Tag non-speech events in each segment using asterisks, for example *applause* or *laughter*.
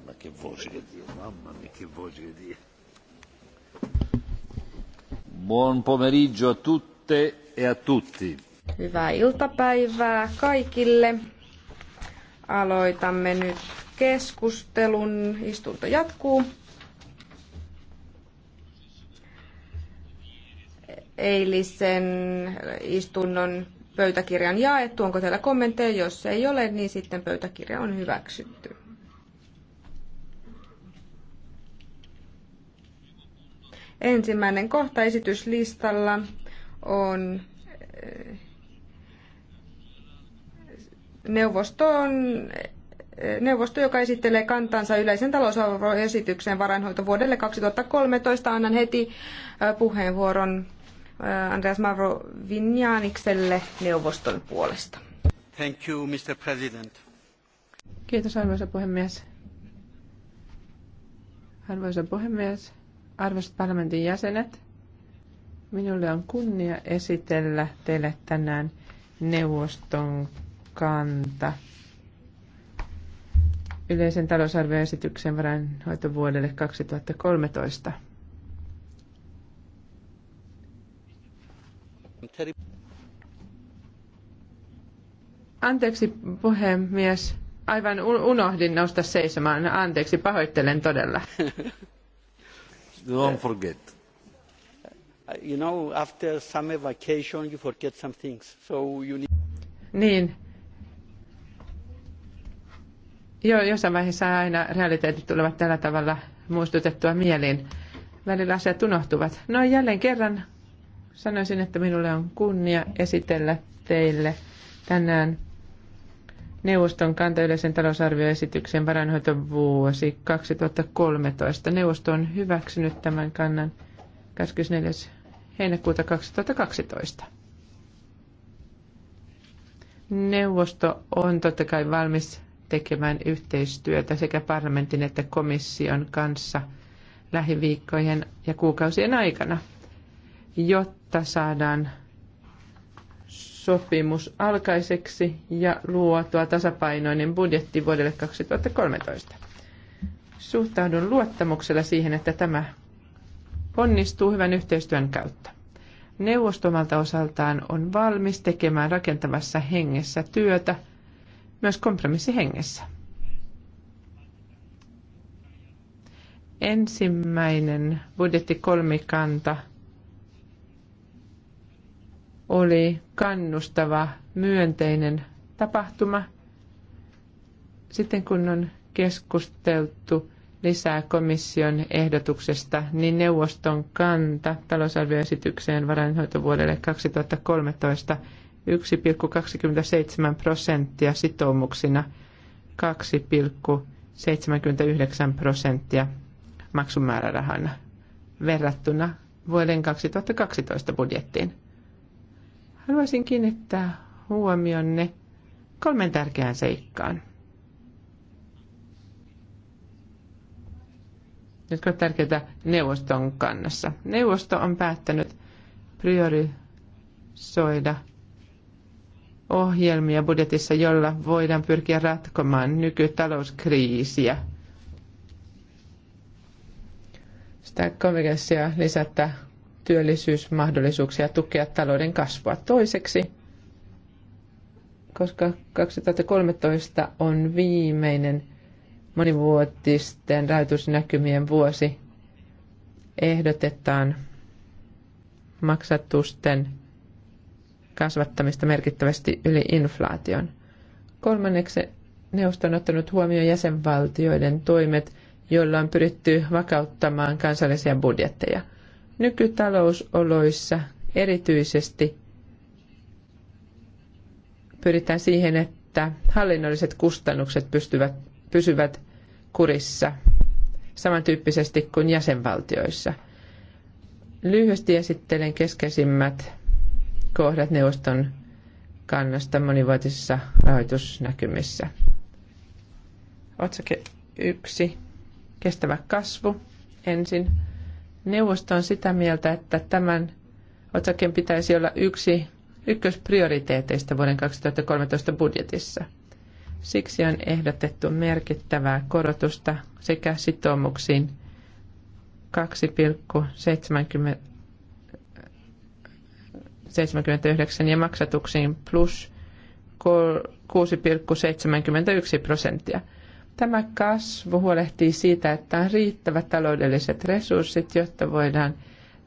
Mamma che voce Dio, mamma mia che voce Dio. Buon pomeriggio a tutte e a tutti. Hyvää iltapäivää kaikille. Aloitamme nyt keskustelun. Istunto jatkuu. Eilisen istunnon pöytäkirjan jaettu. Onko teillä kommentteja? Jos ei ole, niin sitten pöytäkirja on hyväksytty. Ensimmäinen kohta esityslistalla on eh, neuvostoon eh, neuvosto, joka esittelee kantansa yleisen talousarvoesityksen varainhoito vuodelle 2013. Annan heti eh, puheenvuoron Andreas Mavro Vinjanikselle neuvoston puolesta. Thank you, Mr. President. Kiitos arvoisa puhemies. Arvoisa puhemies, Arvoisat parlamentin jäsenet, minulle on kunnia esitellä teille tänään neuvoston kanta yleisen talousarvioesityksen varainhoitovuodelle 2013. Anteeksi puhemies, aivan unohdin nousta seisomaan. Anteeksi, pahoittelen todella. *laughs* Don't uh, forget. Uh, you know, after summer vacation you forget some things, so you need... Niin. Jo, jossain vaiheessa aina realiteetit tulevat tällä tavalla muistutettua mieliin. Välillä asiat unohtuvat. No jälleen kerran sanoisin, että minulle on kunnia esitellä teille tänään Neuvoston kanta yleisen talousarvioesityksen varainhoitovuosi 2013. Neuvosto on hyväksynyt tämän kannan 24. heinäkuuta 2012. Neuvosto on totta kai valmis tekemään yhteistyötä sekä parlamentin että komission kanssa lähiviikkojen ja kuukausien aikana, jotta saadaan sopimus alkaiseksi ja luotua tasapainoinen budjetti vuodelle 2013. Suhtaudun luottamuksella siihen, että tämä onnistuu hyvän yhteistyön kautta. Neuvostomalta osaltaan on valmis tekemään rakentavassa hengessä työtä, myös kompromissihengessä. Ensimmäinen budjetti kolmikanta – oli kannustava, myönteinen tapahtuma. Sitten kun on keskusteltu lisää komission ehdotuksesta, niin neuvoston kanta talousarvioesitykseen varainhoitovuodelle 2013 1,27 prosenttia sitoumuksina, 2,79 prosenttia maksumäärärahana verrattuna vuoden 2012 budjettiin. Haluaisin kiinnittää huomionne kolmen tärkeään seikkaan, jotka ovat tärkeitä neuvoston kannassa. Neuvosto on päättänyt priorisoida ohjelmia budjetissa, jolla voidaan pyrkiä ratkomaan nykytalouskriisiä. Sitä konvergenssia lisätä työllisyysmahdollisuuksia ja tukea talouden kasvua. Toiseksi, koska 2013 on viimeinen monivuotisten rahoitusnäkymien vuosi, ehdotetaan maksatusten kasvattamista merkittävästi yli inflaation. Kolmanneksi neuvosto on ottanut huomioon jäsenvaltioiden toimet, joilla on pyritty vakauttamaan kansallisia budjetteja – Nykytalousoloissa erityisesti pyritään siihen, että hallinnolliset kustannukset pystyvät, pysyvät kurissa samantyyppisesti kuin jäsenvaltioissa. Lyhyesti esittelen keskeisimmät kohdat neuvoston kannasta monivuotisissa rahoitusnäkymissä. Otsake 1. Kestävä kasvu ensin. Neuvosto on sitä mieltä, että tämän otsakkeen pitäisi olla yksi ykkösprioriteeteista vuoden 2013 budjetissa. Siksi on ehdotettu merkittävää korotusta sekä sitoumuksiin 2,79 ja maksatuksiin plus 6,71 prosenttia – Tämä kasvu huolehtii siitä, että on riittävät taloudelliset resurssit, jotta voidaan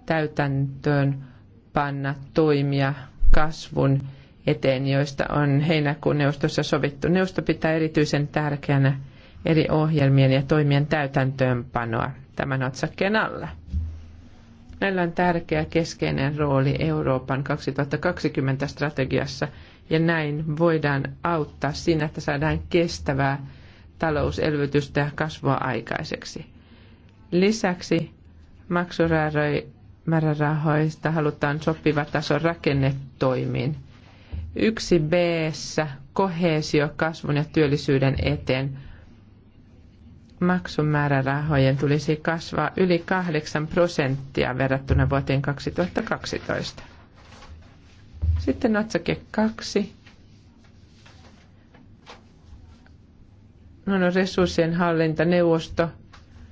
täytäntöön panna toimia kasvun eteen, joista on heinäkuun neuvostossa sovittu. Neuvosto pitää erityisen tärkeänä eri ohjelmien ja toimien täytäntöönpanoa tämän otsakkeen alla. Meillä on tärkeä keskeinen rooli Euroopan 2020 strategiassa ja näin voidaan auttaa siinä, että saadaan kestävää talouselvytystä kasvua aikaiseksi. Lisäksi maksumäärärahoista halutaan sopiva taso rakennetoimiin. Yksi b kohesio kasvun ja työllisyyden eteen. Maksumäärärahojen tulisi kasvaa yli 8 prosenttia verrattuna vuoteen 2012. Sitten otsake 2. No, no, resurssien hallinta, neuvosto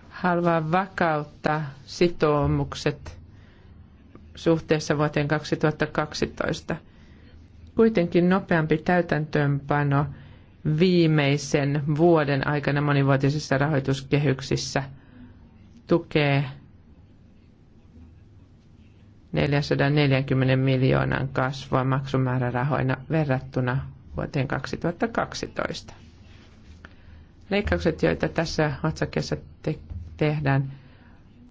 haluaa vakauttaa sitoumukset suhteessa vuoteen 2012. Kuitenkin nopeampi täytäntöönpano viimeisen vuoden aikana monivuotisissa rahoituskehyksissä tukee 440 miljoonan kasvua maksumäärärahoina verrattuna vuoteen 2012. Leikkaukset, joita tässä otsakkeessa te- tehdään,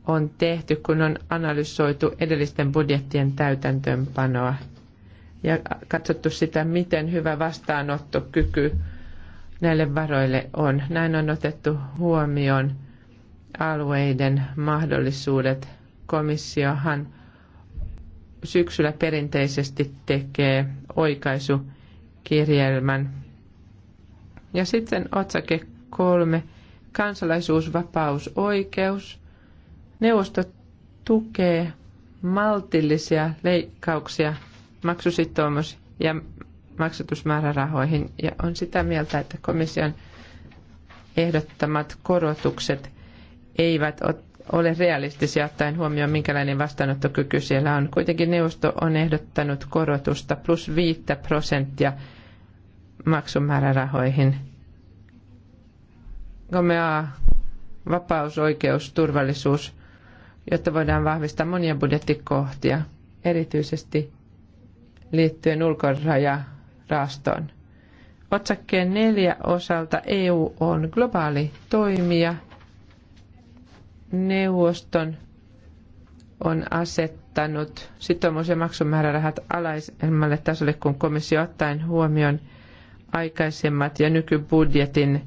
on tehty, kun on analysoitu edellisten budjettien täytäntöönpanoa ja katsottu sitä, miten hyvä vastaanottokyky näille varoille on. Näin on otettu huomioon alueiden mahdollisuudet. Komissiohan syksyllä perinteisesti tekee oikaisukirjelmän. Ja sitten otsake kolme kansalaisuusvapausoikeus. Neuvosto tukee maltillisia leikkauksia maksusitoumus- ja maksatusmäärärahoihin ja on sitä mieltä, että komission ehdottamat korotukset eivät ole realistisia ottaen huomioon, minkälainen vastaanottokyky siellä on. Kuitenkin neuvosto on ehdottanut korotusta plus 5 prosenttia maksumäärärahoihin – Gomea, vapaus, oikeus, turvallisuus, jotta voidaan vahvistaa monia budjettikohtia, erityisesti liittyen ulkorajaraastoon. Otsakkeen neljä osalta EU on globaali toimija. Neuvoston on asettanut sitoumus- ja maksumäärärahat alaisemmalle tasolle kuin komissio ottaen huomioon aikaisemmat ja nykybudjetin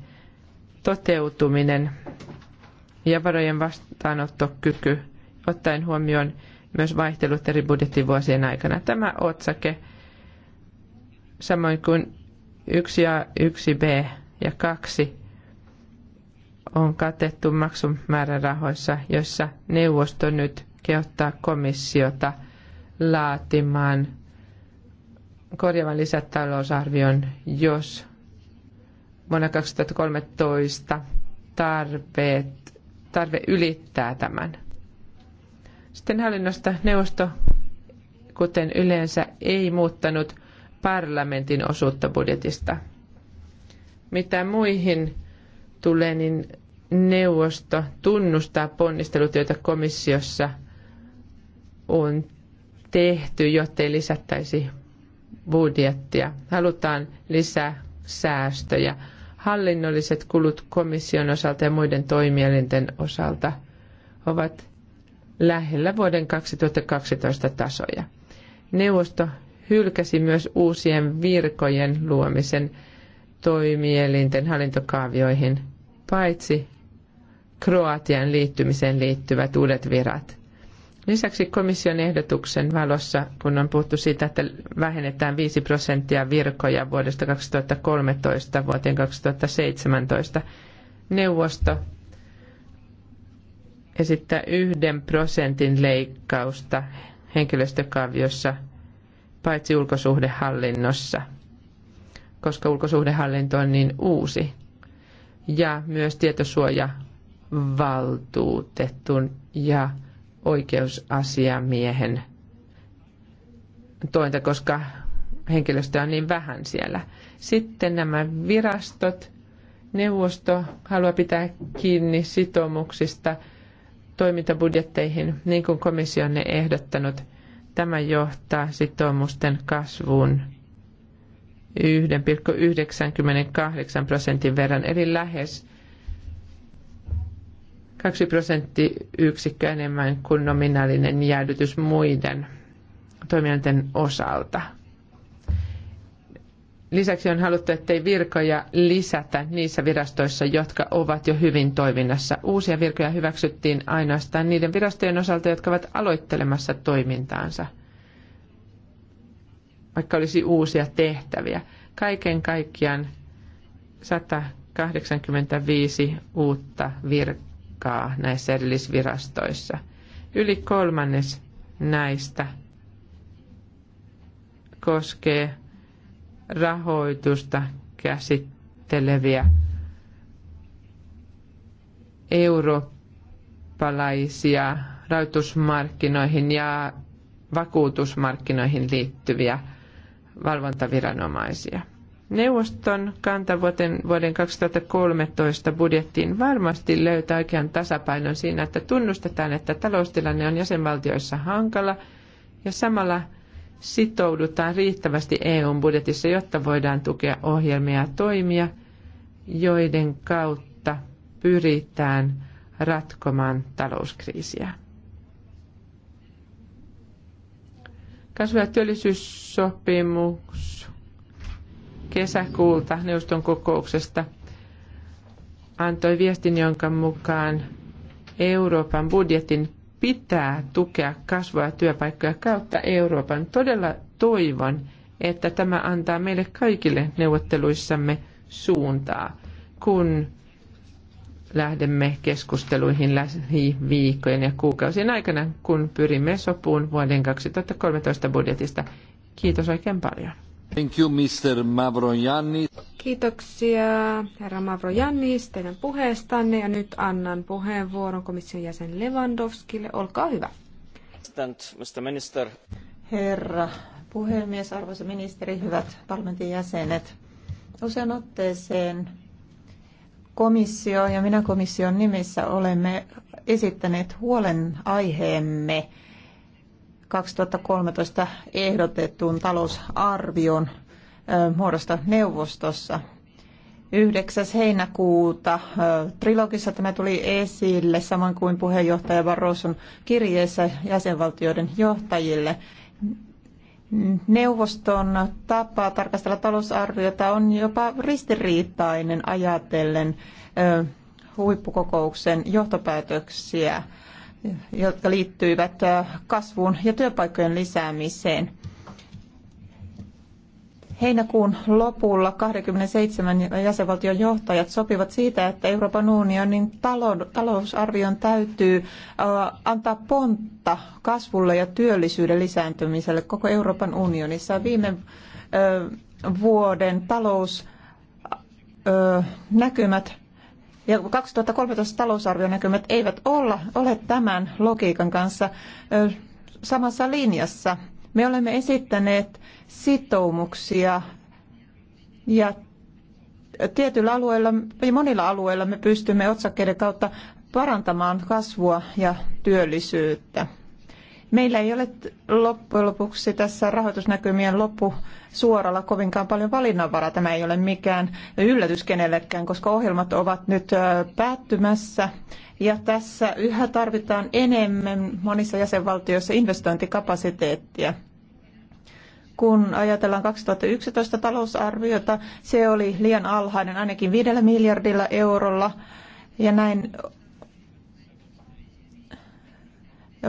toteutuminen ja varojen vastaanottokyky, ottaen huomioon myös vaihtelut eri budjettivuosien aikana. Tämä otsake, samoin kuin 1A, 1B ja 2, on katettu maksumäärärahoissa, jossa neuvosto nyt kehottaa komissiota laatimaan korjaavan lisätalousarvion, jos vuonna 2013 tarpeet, tarve ylittää tämän. Sitten hallinnosta neuvosto, kuten yleensä, ei muuttanut parlamentin osuutta budjetista. Mitä muihin tulee, niin neuvosto tunnustaa ponnistelut, joita komissiossa on tehty, jottei lisättäisi budjettia. Halutaan lisää säästöjä hallinnolliset kulut komission osalta ja muiden toimielinten osalta ovat lähellä vuoden 2012 tasoja. Neuvosto hylkäsi myös uusien virkojen luomisen toimielinten hallintokaavioihin, paitsi Kroatian liittymiseen liittyvät uudet virat. Lisäksi komission ehdotuksen valossa, kun on puhuttu siitä, että vähennetään 5 prosenttia virkoja vuodesta 2013 vuoteen 2017, neuvosto esittää yhden prosentin leikkausta henkilöstökaviossa, paitsi ulkosuhdehallinnossa, koska ulkosuhdehallinto on niin uusi. Ja myös tietosuojavaltuutetun ja oikeusasiamiehen tointa, koska henkilöstö on niin vähän siellä. Sitten nämä virastot, neuvosto haluaa pitää kiinni sitoumuksista toimintabudjetteihin, niin kuin komissio on ne ehdottanut. Tämä johtaa sitoumusten kasvuun 1,98 prosentin verran, eli lähes 2 prosenttiyksikköä enemmän kuin nominaalinen jäädytys muiden toimijoiden osalta. Lisäksi on haluttu, ettei virkoja lisätä niissä virastoissa, jotka ovat jo hyvin toiminnassa. Uusia virkoja hyväksyttiin ainoastaan niiden virastojen osalta, jotka ovat aloittelemassa toimintaansa, vaikka olisi uusia tehtäviä. Kaiken kaikkiaan 185 uutta virkaa virkaa näissä erillisvirastoissa. Yli kolmannes näistä koskee rahoitusta käsitteleviä eurooppalaisia rahoitusmarkkinoihin ja vakuutusmarkkinoihin liittyviä valvontaviranomaisia. Neuvoston kanta vuoden, vuoden 2013 budjettiin varmasti löytää oikean tasapainon siinä, että tunnustetaan, että taloustilanne on jäsenvaltioissa hankala ja samalla sitoudutaan riittävästi EUn budjetissa, jotta voidaan tukea ohjelmia ja toimia, joiden kautta pyritään ratkomaan talouskriisiä. Kasvu- ja työllisyyssopimus kesäkuulta neuvoston kokouksesta antoi viestin, jonka mukaan Euroopan budjetin pitää tukea kasvua ja työpaikkoja kautta Euroopan. Todella toivon, että tämä antaa meille kaikille neuvotteluissamme suuntaa, kun lähdemme keskusteluihin lähiviikkojen ja kuukausien aikana, kun pyrimme sopuun vuoden 2013 budjetista. Kiitos oikein paljon. Thank you, Mr. Kiitoksia herra Mavrojannis teidän puheestanne ja nyt annan puheenvuoron komission jäsen Lewandowskille. Olkaa hyvä. Mr. Minister. Herra puhemies, arvoisa ministeri, hyvät parlamentin jäsenet. Usean otteeseen komissio ja minä komission nimissä olemme esittäneet huolen aiheemme 2013 ehdotetun talousarvion muodosta neuvostossa. 9. heinäkuuta trilogissa tämä tuli esille, samoin kuin puheenjohtaja Barroson kirjeessä jäsenvaltioiden johtajille. Neuvoston tapa tarkastella talousarviota on jopa ristiriitainen ajatellen huippukokouksen johtopäätöksiä – jotka liittyivät äh, kasvuun ja työpaikkojen lisäämiseen. Heinäkuun lopulla 27 jäsenvaltion johtajat sopivat siitä, että Euroopan unionin talousarvion täytyy äh, antaa pontta kasvulle ja työllisyyden lisääntymiselle koko Euroopan unionissa. Viime äh, vuoden talousnäkymät ja 2013 talousarvionäkymät eivät olla, ole tämän logiikan kanssa samassa linjassa. Me olemme esittäneet sitoumuksia ja tietyillä alueilla ja monilla alueilla me pystymme otsakkeiden kautta parantamaan kasvua ja työllisyyttä. Meillä ei ole loppujen lopuksi tässä rahoitusnäkymien loppu suoralla kovinkaan paljon valinnanvaraa. Tämä ei ole mikään yllätys kenellekään, koska ohjelmat ovat nyt päättymässä. Ja tässä yhä tarvitaan enemmän monissa jäsenvaltioissa investointikapasiteettia kun ajatellaan 2011 talousarviota, se oli liian alhainen ainakin 5 miljardilla eurolla. Ja näin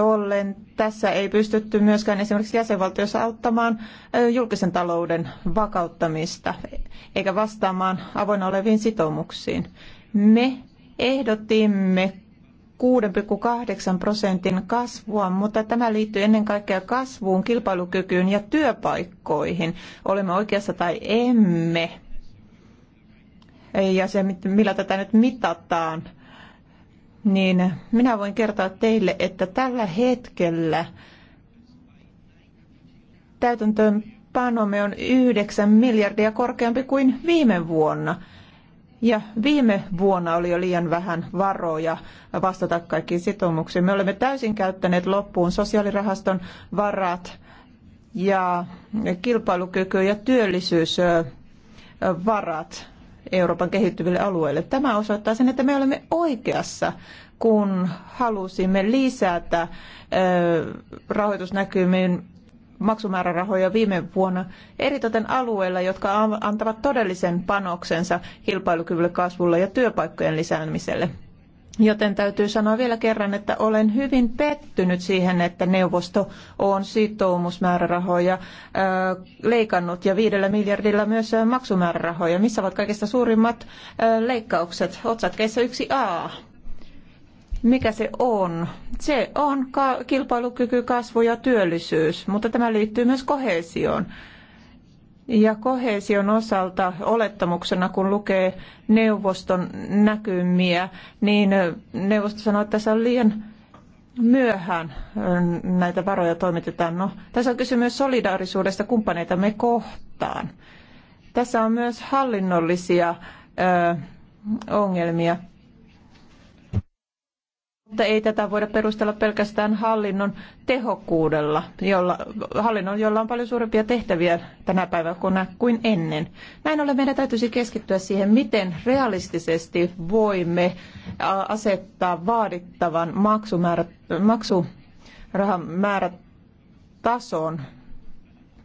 ollen tässä ei pystytty myöskään esimerkiksi jäsenvaltiossa auttamaan julkisen talouden vakauttamista eikä vastaamaan avoinna oleviin sitoumuksiin. Me ehdotimme 6,8 prosentin kasvua, mutta tämä liittyy ennen kaikkea kasvuun, kilpailukykyyn ja työpaikkoihin. Olemme oikeassa tai emme. Ja se, millä tätä nyt mitataan, niin minä voin kertoa teille, että tällä hetkellä panomme on 9 miljardia korkeampi kuin viime vuonna. Ja viime vuonna oli jo liian vähän varoja vastata kaikkiin sitoumuksiin. Me olemme täysin käyttäneet loppuun sosiaalirahaston varat ja kilpailukyky- ja työllisyysvarat. Euroopan kehittyville alueille. Tämä osoittaa sen, että me olemme oikeassa, kun halusimme lisätä rahoitusnäkymiin maksumäärärahoja viime vuonna eritoten alueilla, jotka antavat todellisen panoksensa kilpailukyvylle kasvulle ja työpaikkojen lisäämiselle. Joten täytyy sanoa vielä kerran, että olen hyvin pettynyt siihen, että neuvosto on sitoumusmäärärahoja leikannut ja viidellä miljardilla myös maksumäärärahoja. Missä ovat kaikista suurimmat leikkaukset? Otsatkeissa yksi a Mikä se on? Se on kilpailukyky, kasvu ja työllisyys, mutta tämä liittyy myös kohesioon. Ja kohesion osalta olettamuksena, kun lukee neuvoston näkymiä, niin neuvosto sanoo, että tässä on liian myöhään näitä varoja toimitetaan. No, tässä on kysymys solidaarisuudesta me kohtaan. Tässä on myös hallinnollisia ö, ongelmia että ei tätä voida perustella pelkästään hallinnon tehokkuudella, jolla, hallinnon, jolla on paljon suurempia tehtäviä tänä päivänä kuin ennen. Näin ollen meidän täytyisi keskittyä siihen, miten realistisesti voimme asettaa vaadittavan maksumäärä, maksurahan määrätason.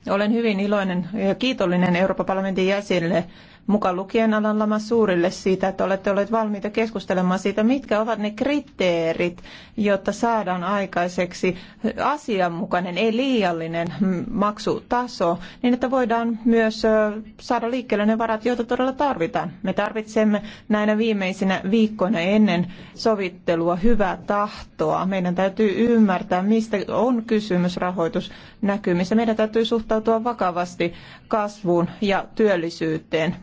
Olen hyvin iloinen ja kiitollinen Euroopan parlamentin jäsenille mukaan lukien Alan Lama Suurille siitä, että olette olleet valmiita keskustelemaan siitä, mitkä ovat ne kriteerit, jotta saadaan aikaiseksi asianmukainen, ei liiallinen maksutaso, niin että voidaan myös saada liikkeelle ne varat, joita todella tarvitaan. Me tarvitsemme näinä viimeisinä viikkoina ennen sovittelua hyvää tahtoa. Meidän täytyy ymmärtää, mistä on kysymys rahoitusnäkymissä. Meidän täytyy suhtautua vakavasti kasvuun ja työllisyyteen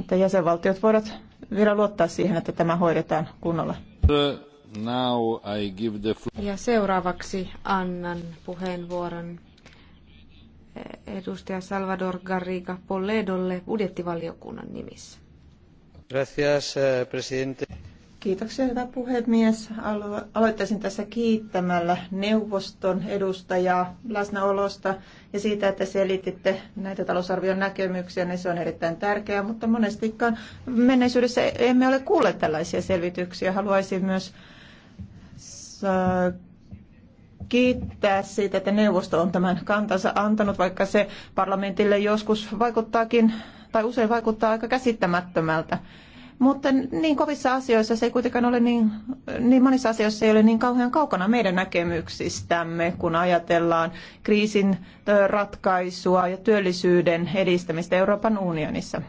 että jäsenvaltiot voivat vielä luottaa siihen, että tämä hoidetaan kunnolla. Ja seuraavaksi annan puheenvuoron eh, edustaja Salvador Garriga Polledolle budjettivaliokunnan nimissä. Gracias, eh, presidente. Kiitoksia, hyvä puhemies. Aloittaisin tässä kiittämällä neuvoston edustajaa läsnäolosta ja siitä, että selititte näitä talousarvion näkemyksiä, niin se on erittäin tärkeää, mutta monestikaan menneisyydessä emme ole kuulleet tällaisia selvityksiä. Haluaisin myös äh, kiittää siitä, että neuvosto on tämän kantansa antanut, vaikka se parlamentille joskus vaikuttaakin tai usein vaikuttaa aika käsittämättömältä. Mutta niin kovissa asioissa se ei kuitenkaan ole niin, niin monissa asioissa ei ole niin kauhean kaukana meidän näkemyksistämme, kun ajatellaan kriisin ratkaisua ja työllisyyden edistämistä Euroopan unionissa.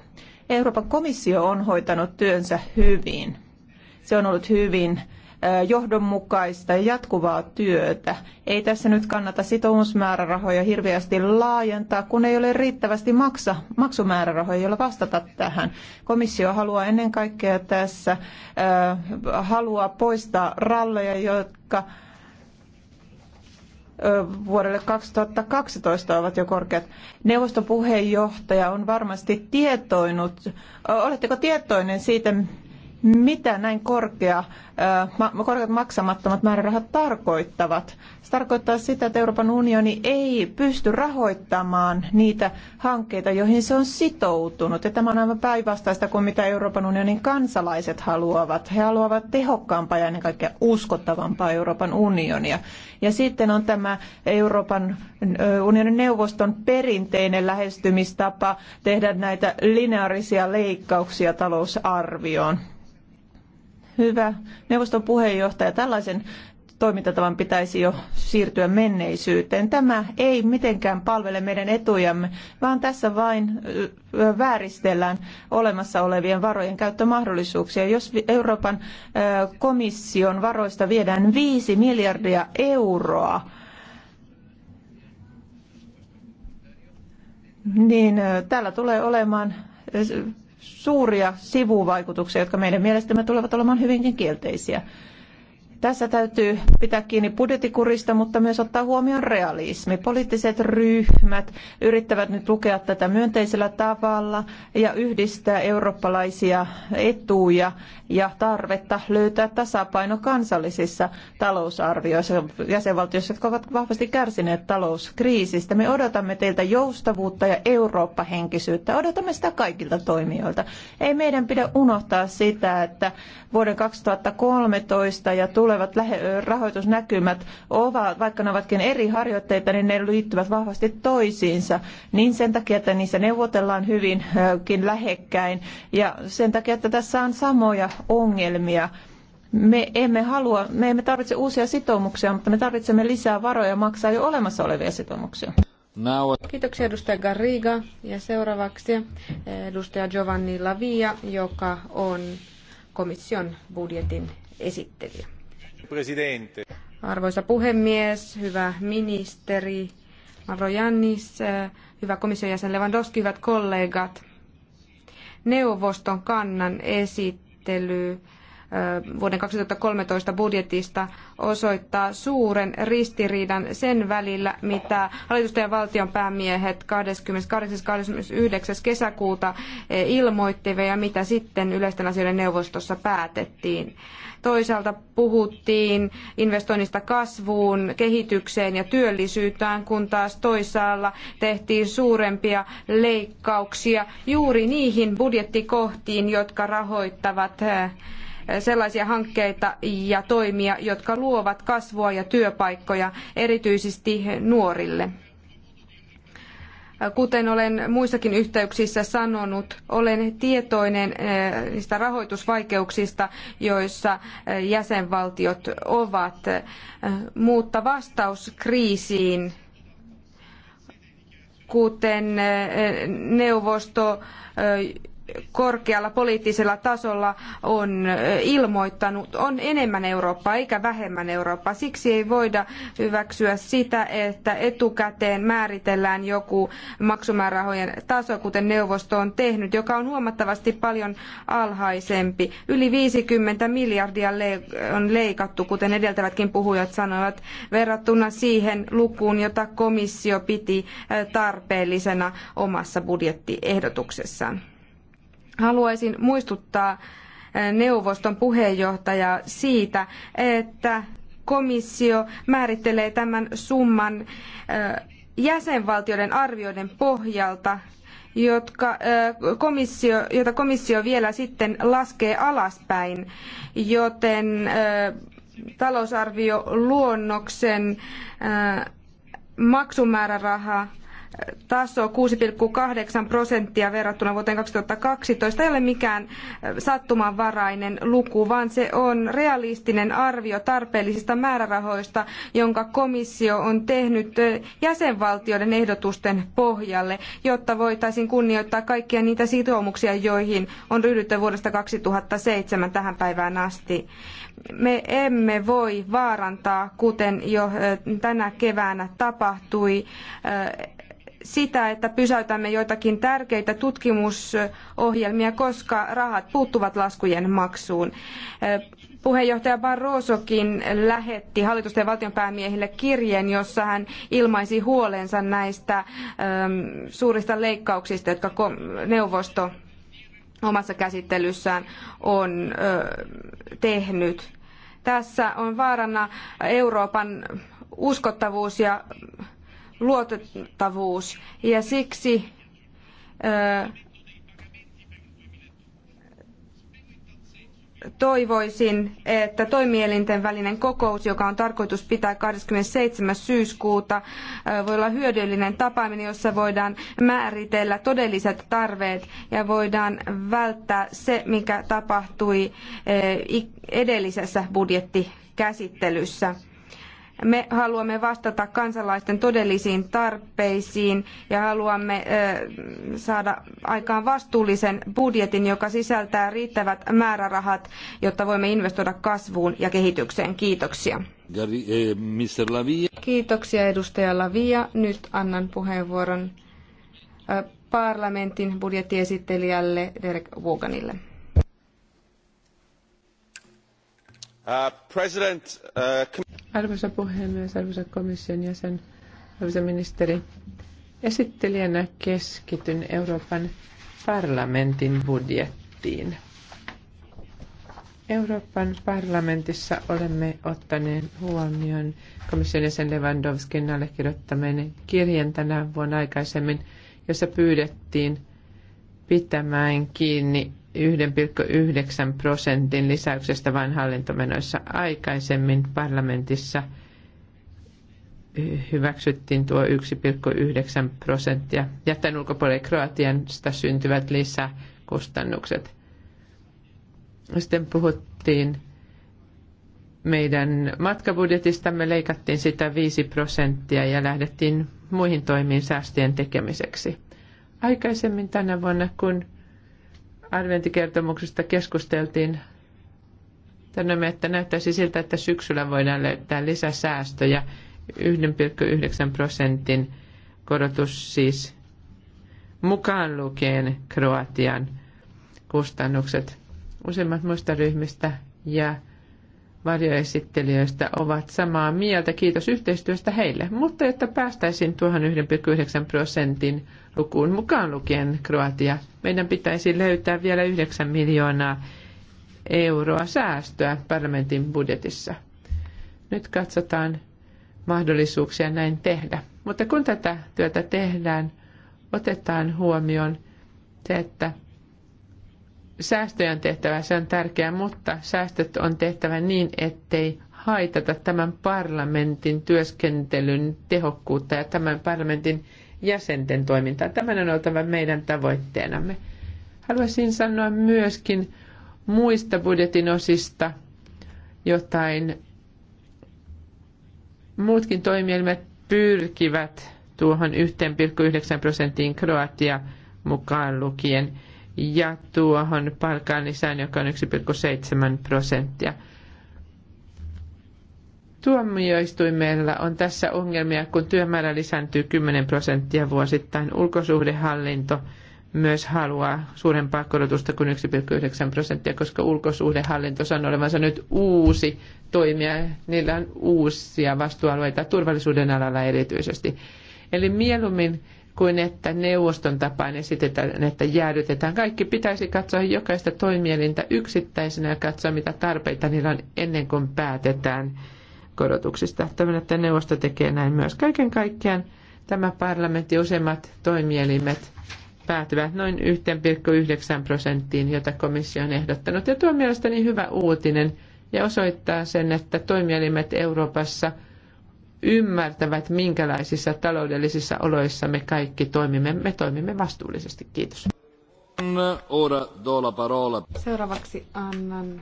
Euroopan komissio on hoitanut työnsä hyvin. Se on ollut hyvin johdonmukaista ja jatkuvaa työtä. Ei tässä nyt kannata sitoumusmäärärahoja hirveästi laajentaa, kun ei ole riittävästi maksa, maksumäärärahoja, joilla vastata tähän. Komissio haluaa ennen kaikkea tässä haluaa poistaa ralleja, jotka vuodelle 2012 ovat jo korkeat. Neuvoston puheenjohtaja on varmasti tietoinut. Oletteko tietoinen siitä, mitä näin korkea, korkeat maksamattomat määrärahat tarkoittavat. Se tarkoittaa sitä, että Euroopan unioni ei pysty rahoittamaan niitä hankkeita, joihin se on sitoutunut. Ja tämä on aivan päinvastaista kuin mitä Euroopan unionin kansalaiset haluavat. He haluavat tehokkaampaa ja ennen kaikkea uskottavampaa Euroopan unionia. Ja sitten on tämä Euroopan unionin neuvoston perinteinen lähestymistapa tehdä näitä lineaarisia leikkauksia talousarvioon Hyvä neuvoston puheenjohtaja, tällaisen toimintatavan pitäisi jo siirtyä menneisyyteen. Tämä ei mitenkään palvele meidän etujamme, vaan tässä vain vääristellään olemassa olevien varojen käyttömahdollisuuksia. Jos Euroopan komission varoista viedään viisi miljardia euroa, niin tällä tulee olemaan suuria sivuvaikutuksia, jotka meidän mielestämme tulevat olemaan hyvinkin kielteisiä. Tässä täytyy pitää kiinni budjettikurista, mutta myös ottaa huomioon realismi. Poliittiset ryhmät yrittävät nyt lukea tätä myönteisellä tavalla ja yhdistää eurooppalaisia etuja ja tarvetta löytää tasapaino kansallisissa talousarvioissa jäsenvaltioissa, jotka ovat vahvasti kärsineet talouskriisistä. Me odotamme teiltä joustavuutta ja Eurooppa-henkisyyttä. Odotamme sitä kaikilta toimijoilta. Ei meidän pidä unohtaa sitä, että vuoden 2013 ja tulevat rahoitusnäkymät ovat, vaikka ne ovatkin eri harjoitteita, niin ne liittyvät vahvasti toisiinsa. Niin sen takia, että niissä neuvotellaan hyvinkin lähekkäin ja sen takia, että tässä on samoja ongelmia. Me emme, halua, me emme tarvitse uusia sitoumuksia, mutta me tarvitsemme lisää varoja maksaa jo olemassa olevia sitoumuksia. Kiitoksia edustaja Garriga ja seuraavaksi edustaja Giovanni Lavia, joka on komission budjetin esittelijä. Presidente. Arvoisa puhemies, hyvä ministeri Jannis, hyvä komission jäsen Lewandowski, hyvät kollegat. Neuvoston kannan esit käsittelyä, vuoden 2013 budjetista osoittaa suuren ristiriidan sen välillä, mitä hallitusten ja valtion päämiehet 28.–29. kesäkuuta e, ilmoittivat ja mitä sitten yleisten asioiden neuvostossa päätettiin. Toisaalta puhuttiin investoinnista kasvuun, kehitykseen ja työllisyyteen, kun taas toisaalla tehtiin suurempia leikkauksia juuri niihin budjettikohtiin, jotka rahoittavat e, sellaisia hankkeita ja toimia, jotka luovat kasvua ja työpaikkoja erityisesti nuorille. Kuten olen muissakin yhteyksissä sanonut, olen tietoinen eh, niistä rahoitusvaikeuksista, joissa eh, jäsenvaltiot ovat, mutta vastaus kriisiin kuten eh, neuvosto korkealla poliittisella tasolla on ilmoittanut, on enemmän Eurooppaa eikä vähemmän Eurooppaa. Siksi ei voida hyväksyä sitä, että etukäteen määritellään joku maksumäärärahojen taso, kuten neuvosto on tehnyt, joka on huomattavasti paljon alhaisempi. Yli 50 miljardia on leikattu, kuten edeltävätkin puhujat sanoivat, verrattuna siihen lukuun, jota komissio piti tarpeellisena omassa budjettiehdotuksessaan. Haluaisin muistuttaa eh, neuvoston puheenjohtajaa siitä, että komissio määrittelee tämän summan eh, jäsenvaltioiden arvioiden pohjalta, jotka, eh, komissio, jota komissio vielä sitten laskee alaspäin, joten talousarvioluonnoksen maksumääräraha taso 6,8 prosenttia verrattuna vuoteen 2012 ei ole mikään sattumanvarainen luku, vaan se on realistinen arvio tarpeellisista määrärahoista, jonka komissio on tehnyt jäsenvaltioiden ehdotusten pohjalle, jotta voitaisiin kunnioittaa kaikkia niitä sitoumuksia, joihin on ryhdytty vuodesta 2007 tähän päivään asti. Me emme voi vaarantaa, kuten jo tänä keväänä tapahtui, sitä, että pysäytämme joitakin tärkeitä tutkimusohjelmia, koska rahat puuttuvat laskujen maksuun. Puheenjohtaja Barrosokin lähetti hallitusten ja valtionpäämiehille kirjeen, jossa hän ilmaisi huolensa näistä ähm, suurista leikkauksista, jotka neuvosto omassa käsittelyssään on tehnyt. Tässä on vaarana Euroopan uskottavuus ja luotettavuus. Ja siksi toivoisin, että toimielinten välinen kokous, joka on tarkoitus pitää 27. syyskuuta, voi olla hyödyllinen tapaaminen, jossa voidaan määritellä todelliset tarpeet ja voidaan välttää se, mikä tapahtui edellisessä budjettikäsittelyssä. Me haluamme vastata kansalaisten todellisiin tarpeisiin ja haluamme saada aikaan vastuullisen budjetin, joka sisältää riittävät määrärahat, jotta voimme investoida kasvuun ja kehitykseen. Kiitoksia. Eh, Kiitoksia edustaja Lavia. Nyt annan puheenvuoron parlamentin budjettiesittelijälle Derek Woganille. Uh, president, uh, Arvoisa puhemies, arvoisa komission jäsen, arvoisa ministeri. Esittelijänä keskityn Euroopan parlamentin budjettiin. Euroopan parlamentissa olemme ottaneet huomioon komission jäsen Lewandowskin allekirjoittaminen kirjan tänä vuonna aikaisemmin, jossa pyydettiin – pitämään kiinni 1,9 prosentin lisäyksestä vain hallintomenoissa. Aikaisemmin parlamentissa hyväksyttiin tuo 1,9 prosenttia. Jättäen ulkopuolelle Kroatiasta syntyvät lisäkustannukset. Sitten puhuttiin meidän matkabudjetistamme, leikattiin sitä 5 prosenttia ja lähdettiin muihin toimiin säästöjen tekemiseksi. Aikaisemmin tänä vuonna, kun arviointikertomuksesta keskusteltiin, sanoimme, että näyttäisi siltä, että syksyllä voidaan löytää lisäsäästöjä. 1,9 prosentin korotus siis mukaan lukien Kroatian kustannukset. Useimmat muista ryhmistä ja varjoesittelijöistä ovat samaa mieltä. Kiitos yhteistyöstä heille. Mutta jotta päästäisiin tuohon 1,9 prosentin lukuun mukaan lukien Kroatia, meidän pitäisi löytää vielä 9 miljoonaa euroa säästöä parlamentin budjetissa. Nyt katsotaan mahdollisuuksia näin tehdä. Mutta kun tätä työtä tehdään, otetaan huomioon se, että säästöjä on tehtävä, se on tärkeää, mutta säästöt on tehtävä niin, ettei haitata tämän parlamentin työskentelyn tehokkuutta ja tämän parlamentin jäsenten toimintaa. Tämän on oltava meidän tavoitteenamme. Haluaisin sanoa myöskin muista budjetin osista jotain. Muutkin toimielimet pyrkivät tuohon 1,9 prosenttiin Kroatia mukaan lukien ja tuohon palkan lisään, joka on 1,7 prosenttia. Tuomioistuimella on tässä ongelmia, kun työmäärä lisääntyy 10 prosenttia vuosittain. Ulkosuhdehallinto myös haluaa suurempaa korotusta kuin 1,9 prosenttia, koska ulkosuhdehallinto sanoo olevansa nyt uusi toimija. Niillä on uusia vastuualueita turvallisuuden alalla erityisesti. Eli mieluummin kuin että neuvoston tapaan esitetään, että jäädytetään. Kaikki pitäisi katsoa jokaista toimielintä yksittäisenä ja katsoa, mitä tarpeita niillä on ennen kuin päätetään korotuksista. Tämän että neuvosto tekee näin myös. Kaiken kaikkiaan tämä parlamentti useimmat toimielimet päätyvät noin 1,9 prosenttiin, jota komissio on ehdottanut. Ja tuo on mielestäni hyvä uutinen ja osoittaa sen, että toimielimet Euroopassa – ymmärtävät, minkälaisissa taloudellisissa oloissa me kaikki toimimme. Me toimimme vastuullisesti. Kiitos. Seuraavaksi annan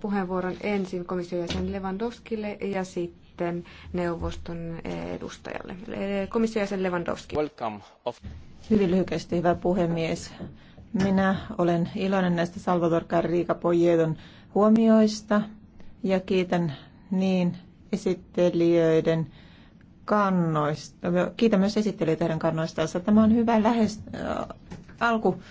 puheenvuoron ensin komission jäsen Lewandowskille ja sitten neuvoston edustajalle. Komission jäsen Lewandowski. Welcome. Hyvin lyhyesti, hyvä puhemies. Minä olen iloinen näistä Salvador Carriga Pojedon huomioista ja kiitän niin esittelijöiden kannoista. Kiitän myös esittelijöitä heidän kannoistansa. Tämä on hyvä lähes äh, alku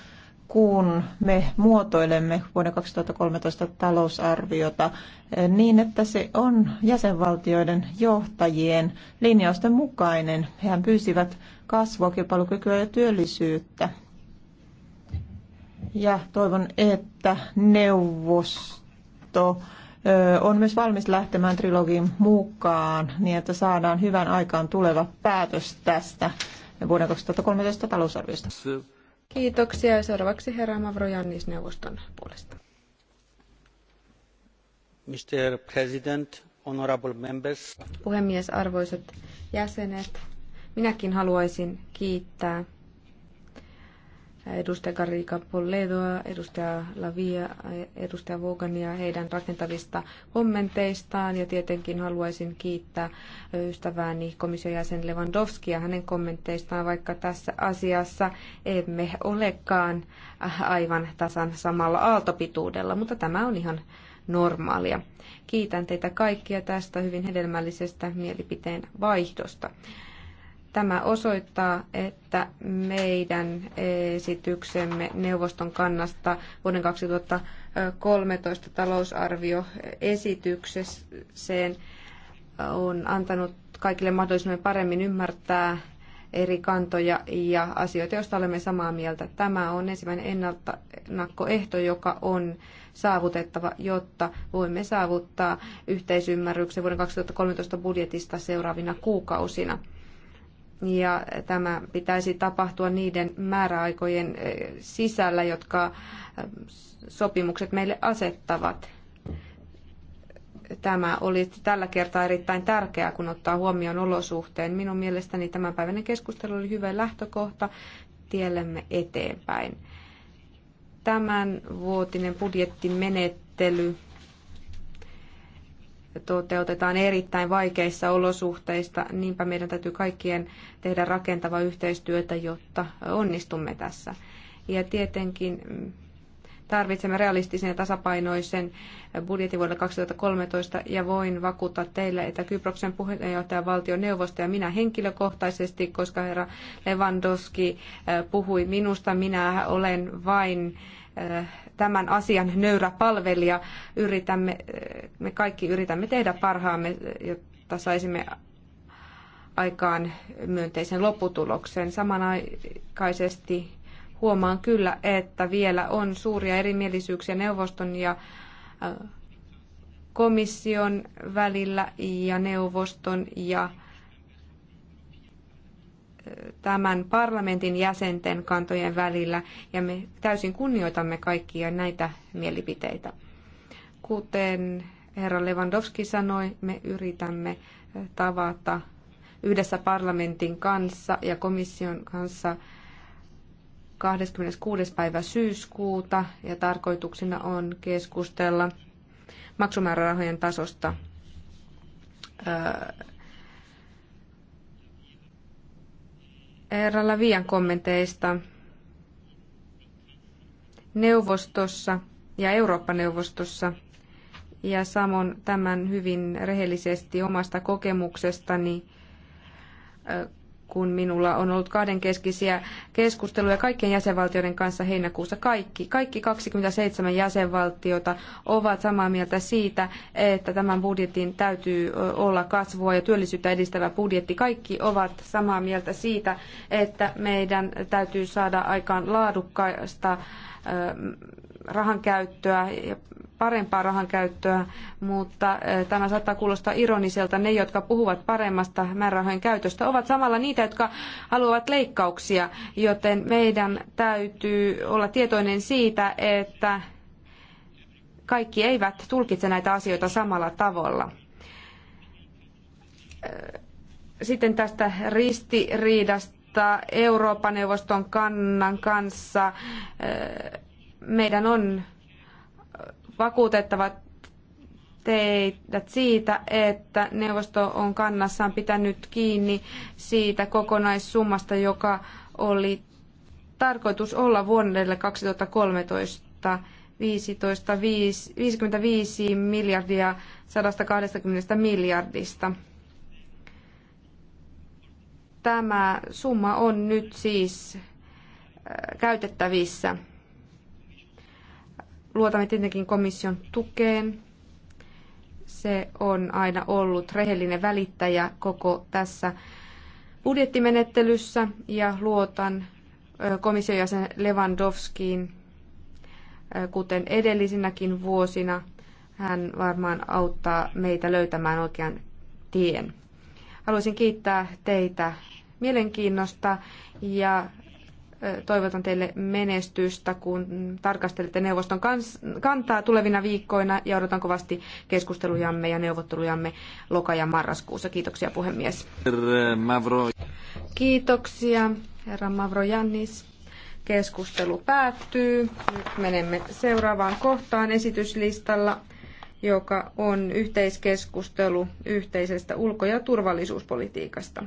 kun me muotoilemme vuoden 2013 talousarviota äh, niin, että se on jäsenvaltioiden johtajien linjausten mukainen. Hehän pyysivät kasvua, kilpailukykyä ja työllisyyttä. Ja toivon, että neuvosto on myös valmis lähtemään trilogin mukaan niin, että saadaan hyvän aikaan tuleva päätös tästä vuoden 2013 talousarviosta. Kiitoksia ja seuraavaksi herra Mavrojannis neuvoston puolesta. Mr. President, honorable members. Puhemies, arvoisat jäsenet, minäkin haluaisin kiittää edustaja Garriga Polledoa, edustaja Lavia, edustaja Vogania heidän rakentavista kommenteistaan. Ja tietenkin haluaisin kiittää ystävääni komission jäsen Lewandowskia hänen kommenteistaan, vaikka tässä asiassa emme olekaan aivan tasan samalla aaltopituudella, mutta tämä on ihan normaalia. Kiitän teitä kaikkia tästä hyvin hedelmällisestä mielipiteen vaihdosta. Tämä osoittaa, että meidän esityksemme neuvoston kannasta vuoden 2013 talousarvioesitykseen on antanut kaikille mahdollisimman paremmin ymmärtää eri kantoja ja asioita, joista olemme samaa mieltä. Tämä on ensimmäinen ennakkoehto, joka on saavutettava, jotta voimme saavuttaa yhteisymmärryksen vuoden 2013 budjetista seuraavina kuukausina ja tämä pitäisi tapahtua niiden määräaikojen eh, sisällä, jotka eh, sopimukset meille asettavat. Tämä oli tällä kertaa erittäin tärkeää, kun ottaa huomioon olosuhteen. Minun mielestäni tämänpäiväinen keskustelu oli hyvä lähtökohta tiellemme eteenpäin. Tämän vuotinen budjettimenettely toteutetaan erittäin vaikeissa olosuhteissa, niinpä meidän täytyy kaikkien tehdä rakentava yhteistyötä, jotta onnistumme tässä. Ja tietenkin mm, tarvitsemme realistisen ja tasapainoisen budjetin vuodelle 2013 ja voin vakuuttaa teille, että Kyproksen puheenjohtaja valtioneuvosto ja minä henkilökohtaisesti, koska herra Lewandowski äh, puhui minusta, minä olen vain äh, tämän asian nöyrä palvelija. Yritämme, me kaikki yritämme tehdä parhaamme, jotta saisimme aikaan myönteisen lopputuloksen. Samanaikaisesti huomaan kyllä, että vielä on suuria erimielisyyksiä neuvoston ja äh, komission välillä ja neuvoston ja tämän parlamentin jäsenten kantojen välillä ja me täysin kunnioitamme kaikkia näitä mielipiteitä. Kuten herra Lewandowski sanoi, me yritämme eh, tavata yhdessä parlamentin kanssa ja komission kanssa 26. päivä syyskuuta ja tarkoituksena on keskustella maksumäärärahojen tasosta eh, Herra Lavian kommenteista neuvostossa ja Eurooppa-neuvostossa ja samoin tämän hyvin rehellisesti omasta kokemuksestani kun minulla on ollut kahdenkeskisiä keskusteluja kaikkien jäsenvaltioiden kanssa heinäkuussa. Kaikki, kaikki 27 jäsenvaltiota ovat samaa mieltä siitä, että tämän budjetin täytyy olla kasvua ja työllisyyttä edistävä budjetti. Kaikki ovat samaa mieltä siitä, että meidän täytyy saada aikaan laadukkaista rahankäyttöä ja parempaa rahan käyttöä, mutta eh, tämä saattaa kuulostaa ironiselta. Ne, jotka puhuvat paremmasta määrärahojen käytöstä, ovat samalla niitä, jotka haluavat leikkauksia, joten meidän täytyy olla tietoinen siitä, että kaikki eivät tulkitse näitä asioita samalla tavalla. Eh, sitten tästä ristiriidasta Euroopan neuvoston kannan kanssa eh, meidän on vakuutettavat teidät siitä, että neuvosto on kannassaan pitänyt kiinni siitä kokonaissummasta, joka oli tarkoitus olla vuodelle 2013 15, 55 miljardia 120 miljardista. Tämä summa on nyt siis äh, käytettävissä. Luotamme tietenkin komission tukeen. Se on aina ollut rehellinen välittäjä koko tässä budjettimenettelyssä ja luotan komission jäsen Lewandowskiin, kuten edellisinäkin vuosina. Hän varmaan auttaa meitä löytämään oikean tien. Haluaisin kiittää teitä mielenkiinnosta ja toivotan teille menestystä, kun tarkastelette neuvoston kantaa tulevina viikkoina ja odotan kovasti keskustelujamme ja neuvottelujamme loka- ja marraskuussa. Kiitoksia puhemies. Kiitoksia herra Mavrojannis. Keskustelu päättyy. Nyt menemme seuraavaan kohtaan esityslistalla, joka on yhteiskeskustelu yhteisestä ulko- ja turvallisuuspolitiikasta.